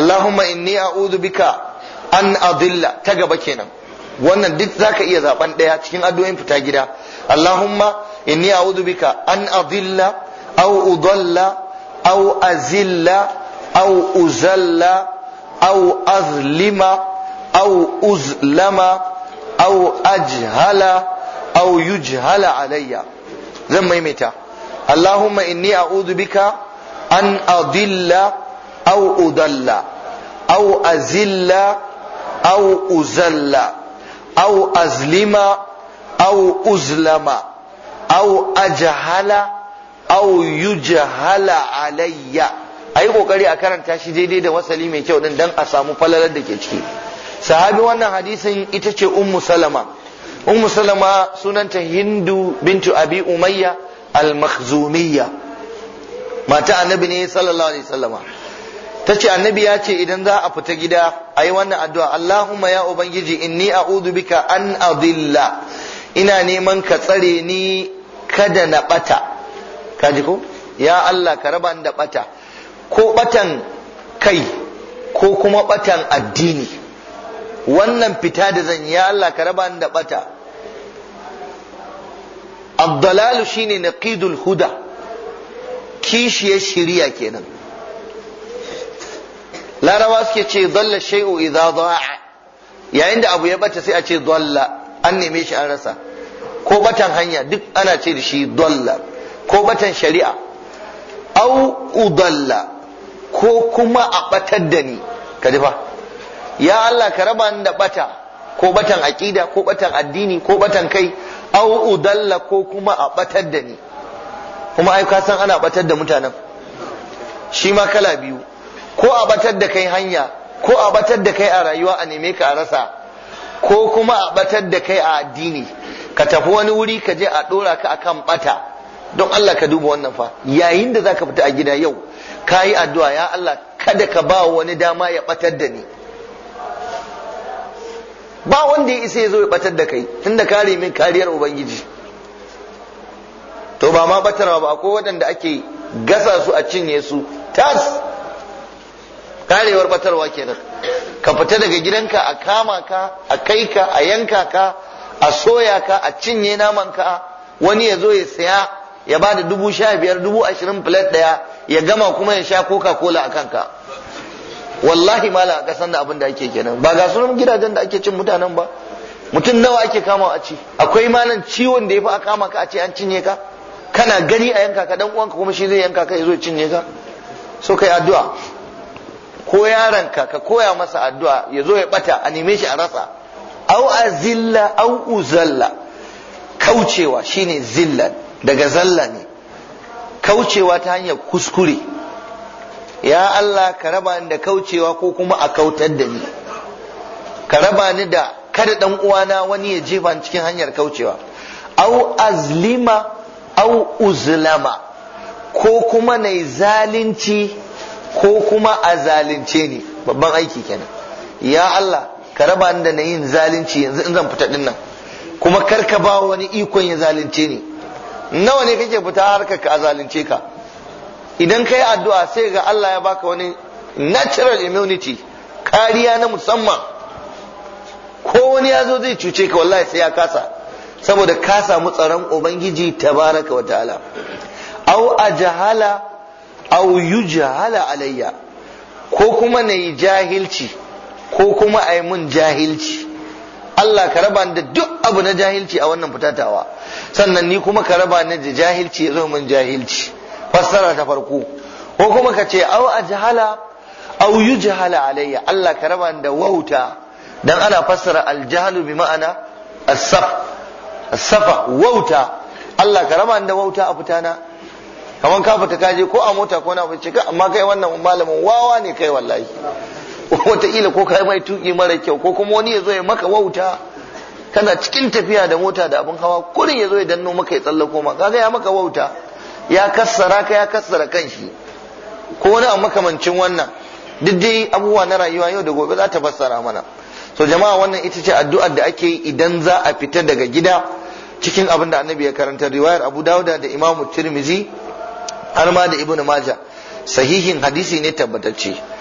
Allahumma inni a'udhu bika an adilla ta gaba kenan wannan duk zaka iya zaben daya cikin addu'o'in fita gida Allahumma inni a'udhu bika an adilla aw udalla aw azilla aw uzalla aw azlima aw uzlama aw ajhala aw yujhala alayya zan maimaita Allahumma inni a'udhu bika an adilla أو أضل أو أزل أو أزل أو أزلم أو أزلم أو أجهل أو يجهل علي a yi kokari a karanta shi daidai da wasali mai kyau din dan a samu falalar da ke ciki sahabi wannan hadisin ita ce ummu salama ummu salama sunanta hindu bintu abi umayya al-makhzumiyya mata annabi ne sallallahu alaihi wasallama ta ce annabi ya ce idan za a fita gida a yi wannan addu'a Allahumma ya Ubangiji inni a'udhu bika an adilla ina neman ka tsare ni kada na ɓata, kaji ko ya Allah ka raba da ɓata, ko ɓatan kai ko kuma ɓatan addini wannan fita da zan ya Allah ka raba da bata abdalalu shine naqidul huda kishiyar shiriya kenan larawa suke ce dalla shay'u idza dha'a yayin da abu ya bata sai a ce dalla an neme shi an rasa ko batan hanya duk ana ce da shi dalla ko batan shari'a au udalla ko kuma a batar da ni ka fa ya Allah ka raba ni da bata ko batan aqida ko batan addini ko batan kai au udalla ko kuma a batar da ni kuma ai ka san ana batar da mutanen shi ma kala biyu ko a batar da kai hanya ko a batar da kai a rayuwa a neme ka a rasa ko kuma a batar da kai a addini ka tafi wani wuri ka je a dora ka akan bata don Allah ka duba wannan fa yayin da zaka fita a gida yau ka addu'a ya Allah kada ka ba wani dama ya batar da ni ba wanda ya isa ya zo ya batar da kai tunda kare min kariyar ubangiji to ba ma batarwa ba akwai waɗanda ake gasa su a cinye su tas karewar batarwa kenan ka fita daga gidanka a kama ka a kai ka a yanka ka a soya ka a cinye naman ka wani ya zo ya saya ya ba da dubu sha biyar dubu ashirin filet ɗaya ya gama kuma ya sha coca cola a kanka wallahi mala a kasan da abin da ake kenan ba ga sunan gidajen da ake cin mutanen ba mutum nawa ake kama a ci akwai malan ciwon da ya fi a kama ka a ce an cinye ka kana gani a yanka ka dan uwanka kuma shi zai yanka ka ya zo cinye ka so kai addu'a ko yaron ka ka koya masa addu'a ya zo ya bata a neme shi a rasa au azilla au uzalla kaucewa shine zilla daga zalla ne kaucewa ta hanyar kuskure ya Allah ka raba ni da kaucewa ko kuma a kautar da ni ka raba ni da kada dan uwana wani ya jefa ni cikin hanyar kaucewa au azlima au uzlama ko kuma nayi zalunci ko kuma a zalunce ni babban aiki kenan ya Allah ka raba ni da na yin zalunci yanzu in zan fita din kuma kar ka ba wani ikon ya zalunce ni nawa ne kake fita harkar ka a zalunce ka idan ka yi addu'a sai ga Allah ya baka wani natural immunity kariya na musamman ko wani ya zo zai cuce ka wallahi sai ya kasa saboda ka samu tsaron ubangiji tabaraka wa ta'ala au a jahala au jahala alayya ko kuma nayi jahilci ko kuma a mun jahilci Allah ka raba ni da duk abu na jahilci a wannan fitatawa sannan ni kuma ka raba ni da jahilci ya zo mun jahilci fassara ta farko ko kuma ka ce au ajhala au jahala alayya Allah ka raba ni da wauta dan ana fassara aljahlu bi ma'ana as-safa wauta Allah ka raba ni da wauta a fitana kaman ka fita kaje ko a mota ko na bace ka amma kai wannan malamin wawa ne kai wallahi wataƙila ko kai mai tuki mara kyau ko kuma wani ya zo ya maka wauta kana cikin tafiya da mota da abin hawa kurin ya zo ya danno maka ya tsallako ma kaga ya maka wauta ya kassara ka ya kassara kanshi ko wani abu makamancin wannan duk dai abubuwa na rayuwa yau da gobe za ta fassara mana so jama'a wannan ita ce addu'ar da ake yi idan za a fita daga gida cikin abin da annabi ya karanta riwayar abu dauda da imamu tirmizi har ma da ibnu majah sahihin hadisi ne tabbatacce